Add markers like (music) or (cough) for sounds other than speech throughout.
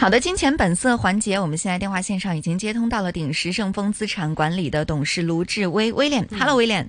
好的，金錢本色環節，我們現在電話線上已經接通到了鼎石盛豐資產管理的董事盧志威，威廉。哈嘍，威廉。嗯。Hello,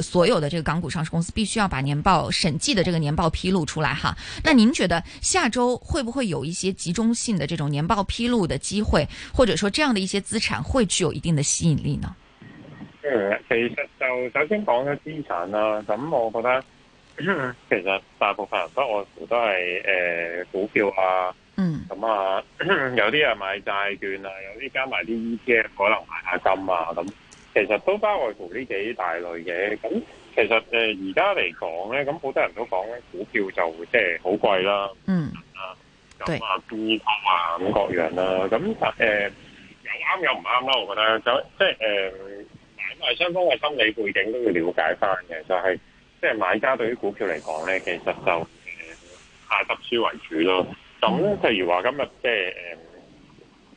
所有的這個港股上市公司必須要把年報審計的這個年報披露出來哈。那您覺得下周會不會有一些集中性的這種年報披露的機會，或者說這樣的一些資產會具有一定的吸引力呢？嗯，其實就首先講咧資產啦、啊，咁我覺得其實大部分人都我估都係誒股票啊，嗯，咁啊有啲係買債券啊，有啲加埋啲 ETF，可能買下金啊咁。其實都包外乎呢幾大類嘅，咁其實誒而家嚟講咧，咁好多人都講咧，股票就即係好貴啦。嗯，啊那，咁啊，B 股啊，咁各樣啦。咁實誒有啱有唔啱啦，我覺得就即係誒買賣雙方嘅心理背景都要了解翻嘅。就係即係買家對於股票嚟講咧，其實就誒係讀書為主咯。咁譬如話今日即係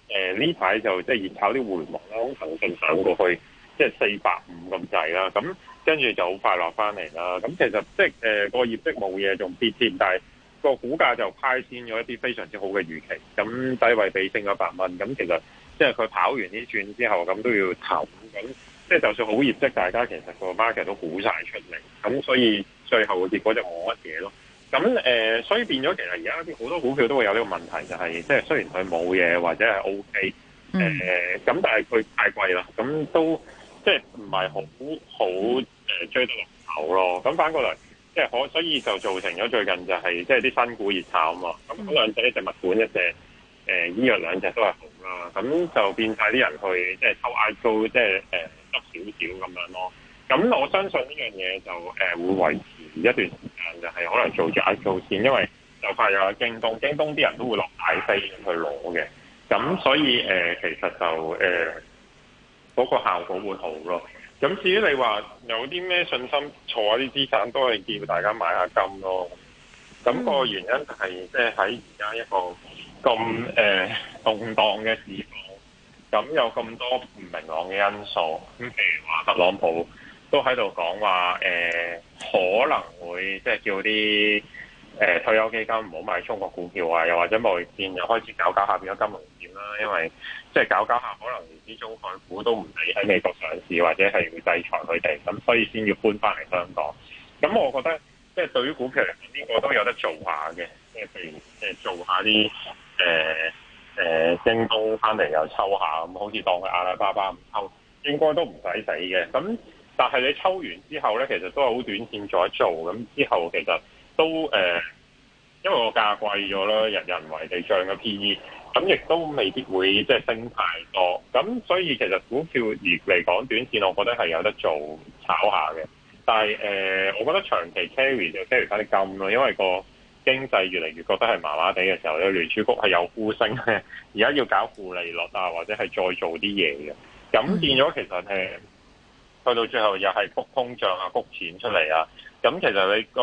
誒誒呢排就即係熱炒啲互聯網啦，咁騰訊上過去。即係四百五咁滯啦，咁跟住就好快落翻嚟啦。咁其實即係誒個業績冇嘢，仲跌添，但係個股價就派先咗一啲非常之好嘅預期，咁低位俾升咗百蚊。咁其實即係佢跑完呢轉之後，咁都要投。咁即係就算好業績，大家其實個 market 都估晒出嚟。咁所以最後嘅結果就冇乜嘢咯。咁誒、呃，所以變咗其實而家好多股票都會有呢個問題，就係，就係即係雖然佢冇嘢或者係 OK，誒咁，但係佢太貴啦。咁都即係唔係好好誒、呃、追到落手咯？咁反過來，即係可所以就造成咗最近就係、是、即係啲新股熱炒啊嘛！咁兩隻一隻物管一隻誒、呃、醫藥兩隻都係好啦。咁就變晒啲人去即係抽 IPO，即係誒執少少咁樣咯。咁我相信呢樣嘢就誒、呃、會維持一段時間，就係、是、可能做住 IPO 先，因為就快有京東，京東啲人都會落大飛去攞嘅。咁所以誒、呃，其實就誒。呃嗰個效果會好咯。咁至於你話有啲咩信心，坐啲資產都可以叫大家買下金咯。咁個原因就係即係喺而家一個咁誒、呃、動盪嘅市況，咁有咁多唔明朗嘅因素。咁譬如話特朗普都喺度講話誒，可能會即係、即係、叫啲。誒、呃、退休基金唔好買中國股票啊，又或者貿易戰又開始搞搞下變咗金融業啦、啊，因為即係搞搞下，可能啲中國股都唔理，喺美國上市，或者係會制裁佢哋，咁所以先要搬翻嚟香港。咁我覺得即係、就是、對於股票嚟講，呢、這個都有得做下嘅，即係譬如誒做下啲誒誒京東翻嚟又抽下，咁好似當佢阿里巴巴唔抽，應該都唔使死嘅。咁但係你抽完之後咧，其實都係好短線再做，咁之後其實。都誒、呃，因為個價貴咗啦，人人為地漲嘅 P E，咁亦都未必會即係升太多。咁所以其實股票越嚟講，短線我覺得係有得做炒下嘅。但係誒、呃，我覺得長期 carry 就 carry 返啲金咯，因為個經濟越嚟越覺得係麻麻地嘅時候咧，聯儲局係有呼聲嘅，而 (laughs) 家要搞負利率啊，或者係再做啲嘢嘅。咁變咗其實誒，去到最後又係谷通脹啊，谷錢出嚟啊。咁、嗯、其實你個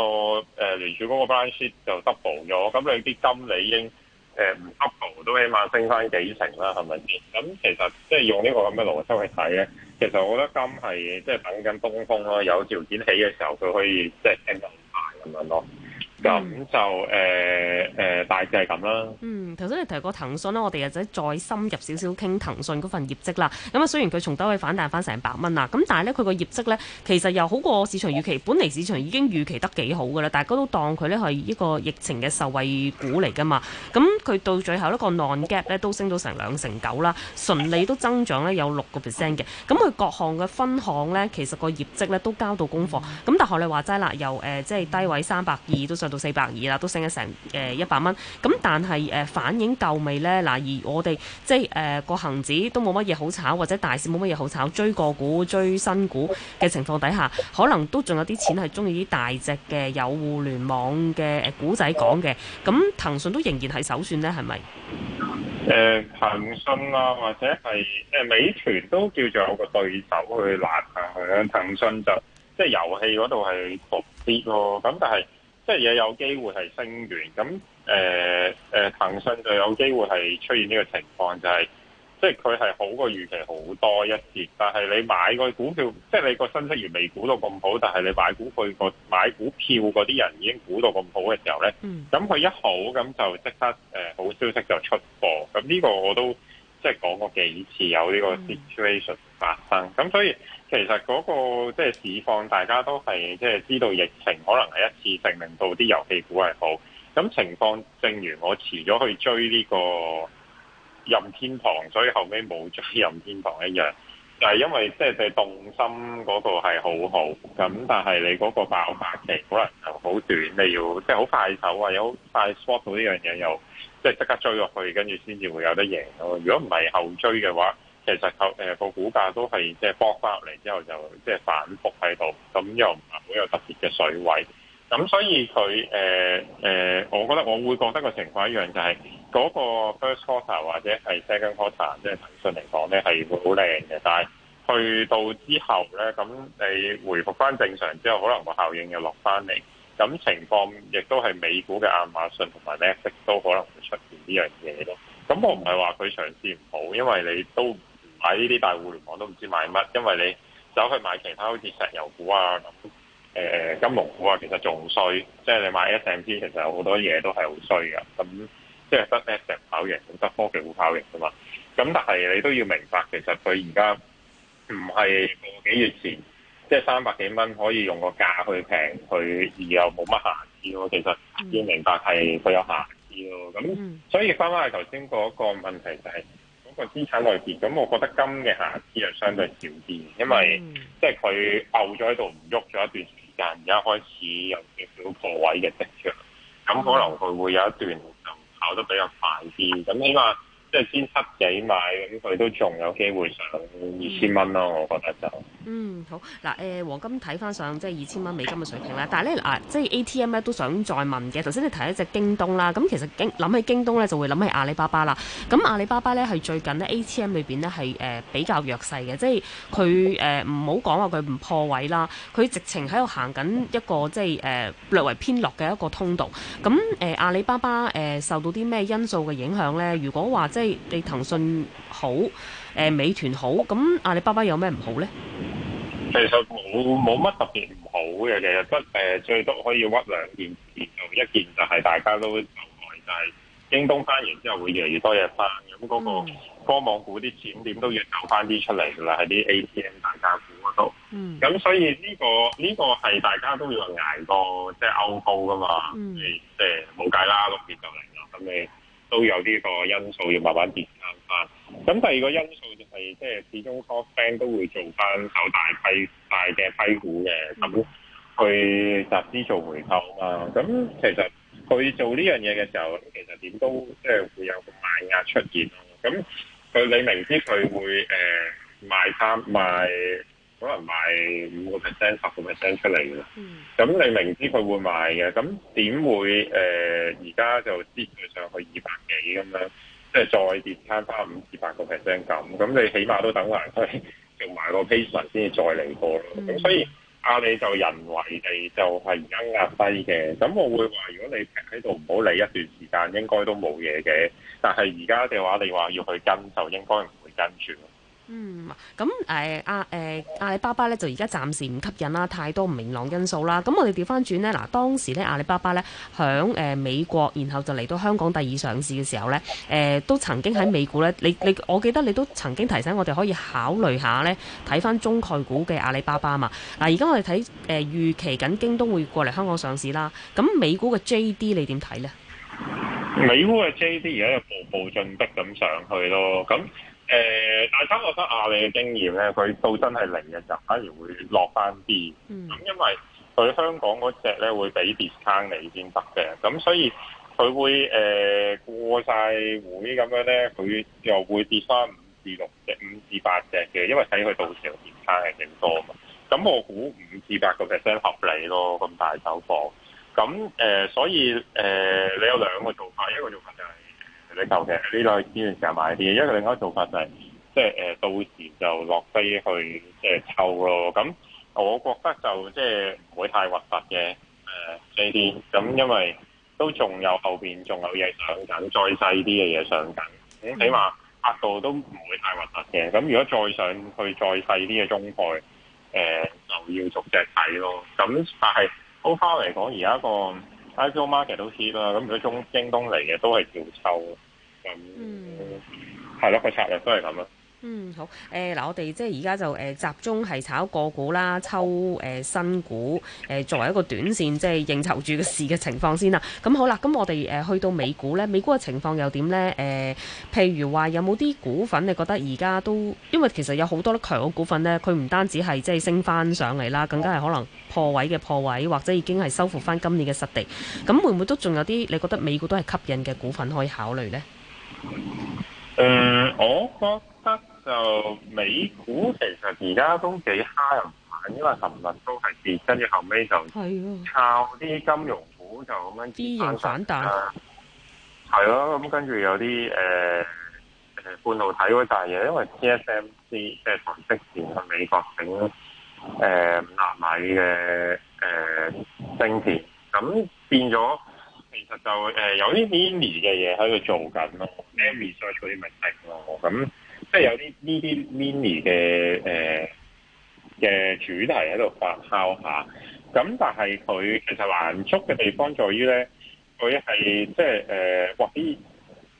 誒聯儲嗰個 balance sheet 就 double 咗，咁、嗯、你啲金理已經唔、呃、double 都起碼升翻幾成啦，係咪先？咁、嗯、其實即係用呢個咁嘅邏輯去睇咧，其實我覺得金係即係等緊東風咯，有條件起嘅時候佢可以即係升得快咁樣咯。嗯咁、嗯嗯、就誒誒大致係咁啦。嗯，頭先你提過騰訊啦，我哋又再再深入少少傾騰訊嗰份業績啦。咁啊，雖然佢從低位反彈翻成百蚊啦，咁但係咧佢個業績咧，其實又好過市場預期。本嚟市場已經預期得幾好噶啦，大家都當佢咧係一個疫情嘅受惠股嚟噶嘛。咁佢到最後呢個 non-GAAP 咧都升到成兩成九啦，順利都增長咧有六個 percent 嘅。咁佢各項嘅分項咧，其實個業績咧都交到功課。咁但係你話齋啦，由誒、呃、即係低位三百二到上。到四百二啦，都升咗成誒一百蚊。咁、呃、但係誒、呃、反映夠未咧？嗱，而我哋即係誒個恒指都冇乜嘢好炒，或者大市冇乜嘢好炒，追個股、追新股嘅情況底下，可能都仲有啲錢係中意啲大隻嘅有互聯網嘅誒股仔講嘅。咁、呃嗯、騰訊都仍然係首選咧，係咪？誒、呃、騰訊啊，或者係誒、呃、美團都叫做有個對手去攔啊佢。騰訊就即係遊戲嗰度係薄啲咯。咁但係。即係嘢有機會係升完，咁誒誒騰訊就有機會係出現呢個情況，就係即係佢係好過預期好多一截，但係你買個股票，即係你個新息完未估到咁好，但係你買股票個買股票嗰啲人已經估到咁好嘅時候咧，咁佢一好咁就即刻誒好消息就出貨，咁呢個我都。 (music) 即係講過幾次有呢個 situation 發生，咁、mm. 所以其實嗰、那個即係、就是、市況，大家都係即係知道疫情可能一次性令到啲遊戲股係好，咁情況正如我遲咗去追呢個任天堂，所以後尾冇追任天堂一樣，就係、是、因為即係對動心嗰個係好好，咁但係你嗰個爆發期可能就好短，你要即係好快手啊，有快 spot 到呢樣嘢又。即係即刻追落去，跟住先至會有得贏咯。如果唔係後追嘅話，其實後誒個股價都係即係博翻入嚟之後就，就即係反覆喺度，咁又唔係好有特別嘅水位。咁所以佢誒誒，我覺得我會覺得個情況一樣、就係，就係嗰個 first quarter 或者係 second quarter，即係騰訊嚟講咧係會好靚嘅，但係去到之後咧，咁你回復翻正常之後，可能個效應又落翻嚟。咁情況亦都係美股嘅亞馬遜同埋 Netflix 都可能會出現呢樣嘢咯。咁我唔係話佢長線唔好，因為你都唔買呢啲大互聯網都唔知買乜，因為你走去買其他好似石油股啊，咁、呃、誒金融股啊，其實仲衰。即、就、係、是、你買 S&P 其實有好多嘢都係好衰嘅。咁即係得 Netflix 跑贏，冇得科技股跑贏㗎嘛。咁但係你都要明白，其實佢而家唔係個幾月前。即係三百幾蚊可以用個價去平佢，而又冇乜瑕疵咯。其實要明白係佢有瑕疵咯。咁、嗯、所以翻翻去頭先嗰個問題就係、是、嗰、那個資產類別。咁我覺得金嘅瑕疵係相對少啲，因為、嗯、即係佢拗咗喺度唔喐咗一段時間，而家開始有少少破位嘅跡象。咁可能佢會有一段就跑得比較快啲。咁起碼即係先七幾買，咁佢都仲有機會上二千蚊咯。我覺得就。嗯，好嗱。誒、呃，黃金睇翻上即係二千蚊美金嘅水平啦。但係咧嗱，即係 ATM 咧、啊、都想再問嘅。頭先你提一隻京東啦，咁其實京諗起京東咧就會諗起阿里巴巴啦。咁阿里巴巴咧係最近咧 ATM 裏邊咧係誒比較弱勢嘅，即係佢誒唔好講話佢唔破位啦，佢直情喺度行緊一個即係誒、呃、略為偏落嘅一個通道。咁誒、呃、阿里巴巴誒、呃、受到啲咩因素嘅影響咧？如果話即係你騰訊好，誒、呃、美團好，咁阿里巴巴巴有咩唔好咧？其實冇冇乜特別唔好嘅，日日得誒，最多可以屈兩件事，就一件就係大家都走外滯，就係、京東翻完之後會越嚟越多嘢翻，咁嗰個科網股啲錢點都要走翻啲出嚟㗎啦，喺啲 ATM 大價股嗰度。嗯。咁、嗯嗯嗯、所以呢、這個呢、這個係大家都要挨過，即係歐風㗎嘛。你即係冇計啦，六月就嚟啦，咁你都有呢個因素要慢慢跌。咁第二個因素就係、是，即係始終 top band 都會做翻手大批大嘅批股嘅，咁、嗯嗯、去集資做回購啊嘛。咁、嗯嗯、其實佢做呢樣嘢嘅時候，其實點都即係會有個賣壓出現咯。咁、嗯、佢你明知佢會誒、呃、賣翻賣，賣，賣，可能賣五個 percent、十個 percent 出嚟嘅，咁、嗯嗯嗯、你明知佢會賣嘅，咁、嗯、點會誒而家就支持上去二百幾咁樣？即係再跌翻翻五至八個 percent 咁，咁你起碼都等埋佢用埋個 placement 先至再嚟過咯。咁、嗯、所以阿里就人為地就係而家壓低嘅。咁我會話如果你停喺度唔好理一段時間，應該都冇嘢嘅。但係而家嘅話，你話要去跟，就應該唔會跟住。嗯，咁誒阿誒阿里巴巴咧就而家暫時唔吸引啦，太多唔明朗因素啦。咁、嗯、我哋調翻轉呢，嗱當時咧阿里巴巴咧響誒美國，然後就嚟到香港第二上市嘅時候咧，誒、呃、都曾經喺美股咧，你你我記得你都曾經提醒我哋可以考慮下咧，睇翻中概股嘅阿里巴巴嘛。嗱而家我哋睇誒預期緊京東會過嚟香港上市啦。咁美股嘅 JD 你點睇呢？美股嘅 JD 而家又步步進逼咁上去咯，咁。誒，大家、呃、覺得阿里嘅經驗咧，佢到真係零嘅就反而會落翻啲、嗯嗯。嗯。咁因為佢香港嗰隻咧會畀 discount 你先得嘅，咁所以佢會誒、呃、過晒會咁樣咧，佢又會跌翻五至六隻、五至八隻嘅，因為睇佢到時候 discount 係幾多啊嘛。咁、嗯嗯、我估五至八個 percent 合理咯，咁大手貨。咁、嗯、誒、呃，所以誒、呃，你有兩個做法，一個做法就係。你求其呢類呢段時間買啲嘢，因為佢另外一個做法就係、是，即係誒到時就落飛去即係抽咯。咁我覺得就即係唔會太核突嘅誒呢啲。咁、呃、因為都仲有後邊仲有嘢上緊，再細啲嘅嘢上緊。咁起碼壓度都唔會太核突嘅。咁如果再上去再細啲嘅中概，誒、呃、就要逐隻睇咯。咁但係好花嚟講，而家一個。IPO market 都 heat 啦，咁如果中京東嚟嘅都係照抽，咁係咯，佢策略都係咁啦。Hmm. Um, yeah, 嗯，好。誒、嗱，我哋即係而家就誒、呃、集中係炒個股啦，抽誒、呃、新股誒、呃，作為一個短綫即係應酬住嘅市嘅情況先啦。咁、嗯、好啦，咁我哋誒、呃、去到美股呢，美股嘅情況又點呢？誒、呃，譬如話有冇啲股份你覺得而家都，因為其實有好多啲強嘅股份呢，佢唔單止係即係升翻上嚟啦，更加係可能破位嘅破位，或者已經係收復翻今年嘅失地。咁、嗯、會唔會都仲有啲你覺得美股都係吸引嘅股份可以考慮呢？嗯嗯就美股其實而家都幾蝦人玩，因為尋日都係跌，跟住後尾就靠啲金融股就咁樣啲型反彈啦。係咯、啊，咁跟住有啲誒誒半導體嗰大嘢，因為 TSMC 即係台積電去美國整誒五納米嘅誒晶片，咁變咗其實就誒、呃、有啲 mini 嘅嘢喺度做緊咯，research 嗰啲咪升咯咁。即係有啲呢啲 mini 嘅誒嘅、呃、主題喺度發酵下，咁、啊、但係佢其實難捉嘅地方在於咧，佢係即係誒，或啲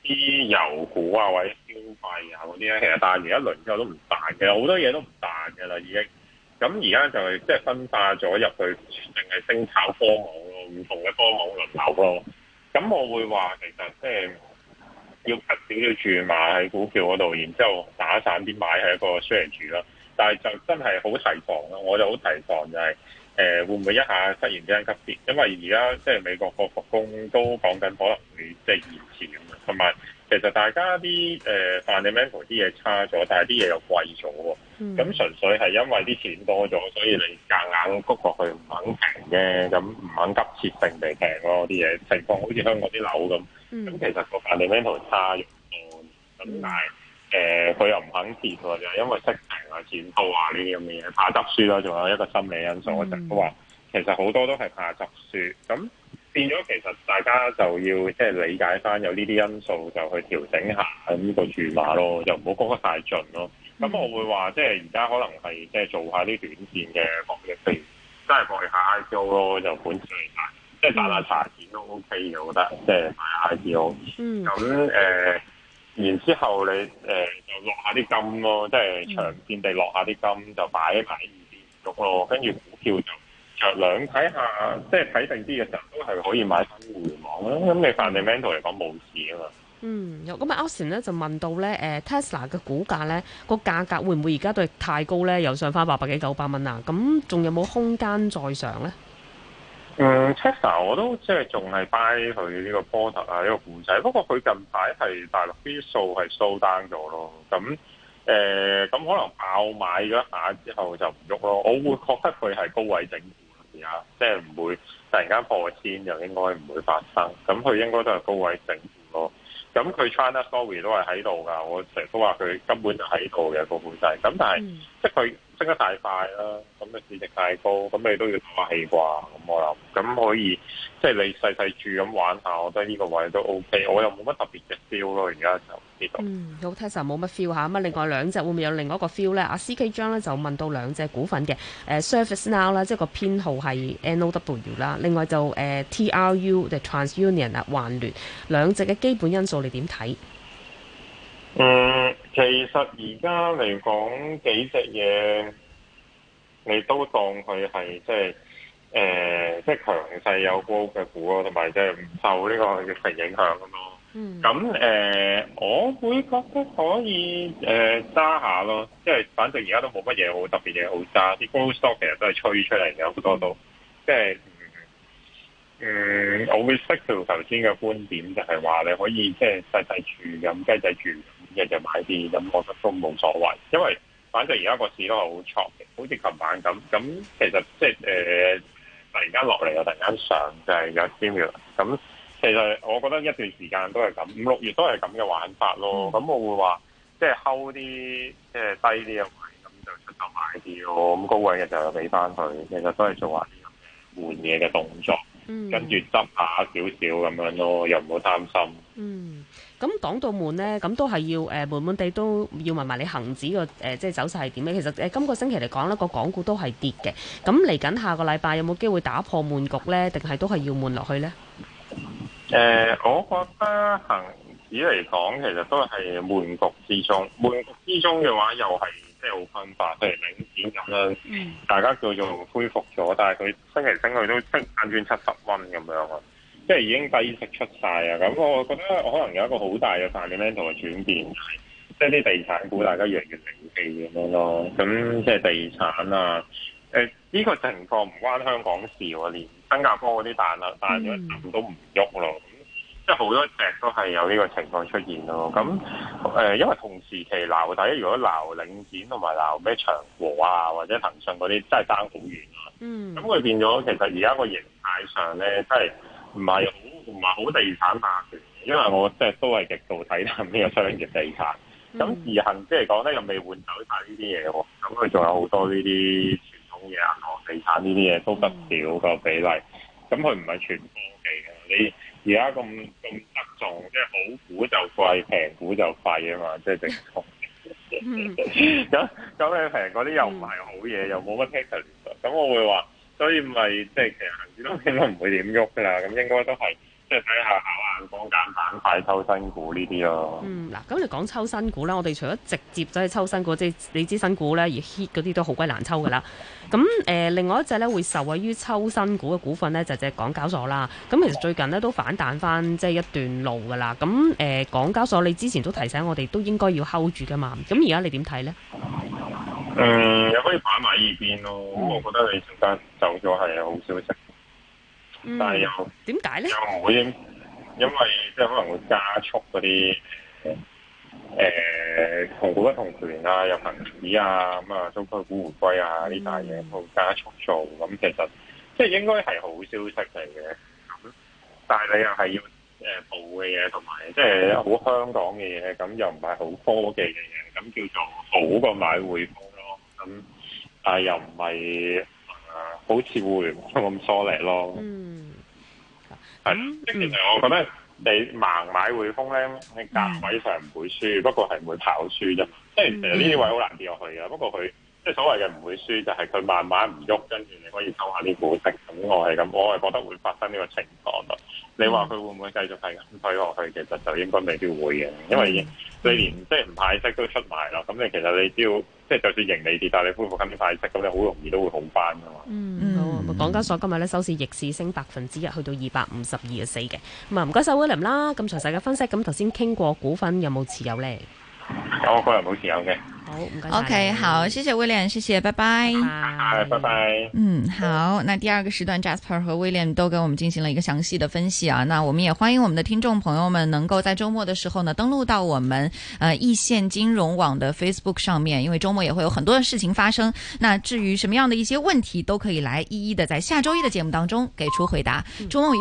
啲油股啊，或者消費啊嗰啲咧，其實帶而家輪之後都唔彈，其實好多嘢都唔彈嘅啦，已經。咁而家就係即係分化咗入去，淨係升炒科網咯，唔同嘅科網輪流咯。咁、嗯、我會話其實即係。要少少住埋喺股票嗰度，然之後打散啲買係一個 share 住咯。但係就真係好提防咯，我就好提防就係、是、誒、呃、會唔會一下忽然之間急跌，因為而家即係美國個復工都講緊可能會即係延遲咁樣，同埋。其實大家啲誒 fundamental 啲嘢差咗，但係啲嘢又貴咗喎。咁、嗯、純粹係因為啲錢多咗，所以你夾硬谷落去唔肯平嘅，咁唔肯急切性地平咯啲嘢。情況好似香港啲樓咁。咁、嗯嗯嗯、其實個 fundamental 差好多，咁但係誒佢又唔肯跌喎，就因為息平啊、錢多啊呢啲咁嘅嘢怕執輸啦，仲有一個心理因素，我成日都話其實好多都係怕執輸咁。變咗其實大家就要即係理解翻有呢啲因素就去調整下呢個注碼咯，就唔好講得太盡咯。咁我會話即係而家可能係即係做一下啲短線嘅博弈，即係博弈下 IPO 咯，就短期嚟講，即係賺下茶錢都 OK 嘅，我覺得即係、就是、買 IPO。咁誒、嗯呃，然後之後你誒、呃、就落一下啲金咯，即、就、係、是、長線地落一下啲金就擺一排二年唔足咯，跟住股票就，兩睇下，即係睇定啲嘅時候都係可以買翻互聯網啦。咁你 fundamental 嚟講冇事啊嘛。嗯，咁阿 Austin 咧就問到咧，誒、呃、Tesla 嘅股價咧個價格會唔會而家都係太高咧？又上翻八百幾九百蚊啊？咁仲有冇空間再上咧？嗯，Tesla 我都即係仲係 buy 佢呢個 portfolio 啊呢個股仔，不過佢近排係大陸啲數係 slow down 咗咯。咁誒咁可能爆買咗一下之後就唔喐咯。我會覺得佢係高位整。 (music) 即係唔會突然間破千，就應該唔會發生。咁佢應該都係高位整固咯。咁佢 China Story 都係喺度㗎，我成日都話佢根本係過嘅個估值。咁但係、嗯、即係佢。升得太快啦，咁嘅市值太高，咁你都要睇下氣啩，咁我諗，咁可以即係、就是、你細細住咁玩下，我覺得呢個位都 OK，我又冇乜特別嘅 feel 咯，而家就呢度。嗯，好 Tesla 冇乜 feel 嚇，咁啊另外兩隻會唔會有另外一個 feel 咧？阿、啊、CK 張咧、啊、就問到兩隻股份嘅，誒、啊、ServiceNow 啦、啊，即係個編號係 NOW 啦、啊，另外就誒 TRU，The TransUnion 啊，環、啊、聯兩隻嘅基本因素你點睇？嗯。其實而家嚟講幾隻嘢，你都當佢係即係誒，即係強勢有高嘅股咯，同埋即係唔受呢個疫情影響咯。咁誒，我會覺得可以誒揸下咯，即係反正而家都冇乜嘢好特別嘢好揸，啲 growth stock 其實都係吹出嚟嘅好多都，即係嗯，我 respect 頭先嘅觀點，就係話你可以即係細細住，咁雞仔住。日日買啲咁，我覺得都冇所謂，因為反正而家個市都係好錯嘅，好似琴晚咁。咁其實即係誒突然間落嚟又突然間上，就係、是、有微妙。咁其實我覺得一段時間都係咁，五六月都係咁嘅玩法咯。咁我會、就是、hold 話即係 hold 啲即係低啲嘅位，咁就出嚟買啲咯。咁高位嘅就有俾翻佢。其實都係做下啲咁嘅換嘢嘅動作，跟住執下少少咁樣咯，又唔好擔心。咁講到悶咧，咁都係要誒、呃、悶悶地都要問問你恒指個誒即係走勢係點咧？其實誒今個星期嚟講咧，個港股都係跌嘅。咁嚟緊下個禮拜有冇機會打破悶局咧？定係都係要悶落去咧？誒、呃，我覺得恒指嚟講，其實都係悶局之中。悶局之中嘅話，又係即係好分化，譬如領展咁樣，嗯、大家叫做恢復咗，但係佢星期升佢都升翻轉七十蚊咁樣咯。即係已經低息出晒啊！咁我覺得我可能有一個好大嘅概念同佢轉變，即係啲地產股大家越嚟越冷氣咁樣咯。咁即係地產啊，誒、呃、呢、呢個情況唔關香港事喎，連新加坡嗰啲大樓大咗都唔喐咯。Mm. 咁即係好多隻都係有呢個情況出現咯。咁誒、呃，因為同時期樓底如果鬧領展同埋鬧咩長和啊，或者騰訊嗰啲，真係爭好遠啊。嗯、mm.，咁佢變咗其實而家個形態上咧，真係。唔係好，唔係好地產霸權，因為我即係都係極度睇淡呢個商業地產。咁恆生即係講咧，又未換走晒呢啲嘢喎。咁佢仲有好多呢啲傳統嘅銀行、地產呢啲嘢都得少個比例。咁佢唔係全科技嘅。你而家咁咁得重，即係好股就貴，平股就廢啊嘛，即係正確。咁 (laughs) 咁 (laughs) (laughs) 你平嗰啲又唔係好嘢，又冇乜 technical 咁我會話。所以咪即係其實恆指都應該唔會點喐噶啦，咁應該都係即係睇下炒硬方減反，睇抽、啊嗯就是、新股呢啲咯。嗯，嗱，咁你講抽新股啦，我哋除咗直接走去抽新股，即係你支新股咧，而 hit 嗰啲都好鬼難抽噶啦。咁誒、呃，另外一隻咧會受惠於抽新股嘅股份咧，就隻、是、港交所啦。咁其實最近咧都反彈翻即係一段路噶啦。咁誒、呃，港交所你之前都提醒我哋都應該要 hold 住嘅嘛。咁而家你點睇咧？嗯，嗯又可以擺埋依邊咯。咁、嗯、我覺得你陣間走咗係好消息，嗯、但係又點解咧？又唔會，因為即係可能會加速嗰啲誒同股不同權啊，入恆指啊，咁、嗯、啊，中概股回歸啊，呢啲嘢都加速做。咁、嗯嗯嗯、其實即係應該係好消息嚟嘅。咁但係你又係要誒保嘅嘢，同埋即係好香港嘅嘢，咁又唔係好科技嘅嘢，咁叫做好過買匯。咁，但又唔係，誒，好似互聯網咁疏離咯。嗯，係，即係其實我覺得你盲買匯豐咧，你價位上唔會輸，不過係、嗯、唔會跑輸啫。即係其實呢啲位好難跌落去嘅，不過佢即係所謂嘅唔會輸，就係佢慢慢唔喐，跟住你可以收下啲股息。咁我係咁，我係覺得會發生呢個情況咯。你話佢會唔會繼續係咁推落去，嗯、其實就應該未必會嘅，因為你連即係、就是、唔派息都出埋啦。咁你其實你只要即係就算盈利跌，但你恢復緊啲派息，咁你好容易都會好翻噶嘛。嗯，好、啊。港交、mm hmm. 所今日咧，收市逆市升百分之一，去到二百五十二點四嘅。咁啊，唔該曬，William 啦。咁詳細嘅分析，咁頭先傾過股份有冇持有咧？我個、哦、人冇持有嘅。O.K.、嗯、好，謝謝威廉，謝謝，拜拜。拜拜。嗯，好，那第二個時段，Jasper 和威廉都給我們進行了一個詳細的分析啊。那我們也歡迎我們的聽眾朋友們能夠在周末的時候呢，登錄到我們，呃，易線金融網的 Facebook 上面，因為周末也會有很多的事情發生。那至於什麼樣的一些問題，都可以來一一的在下周一的節目當中給出回答。周末、嗯。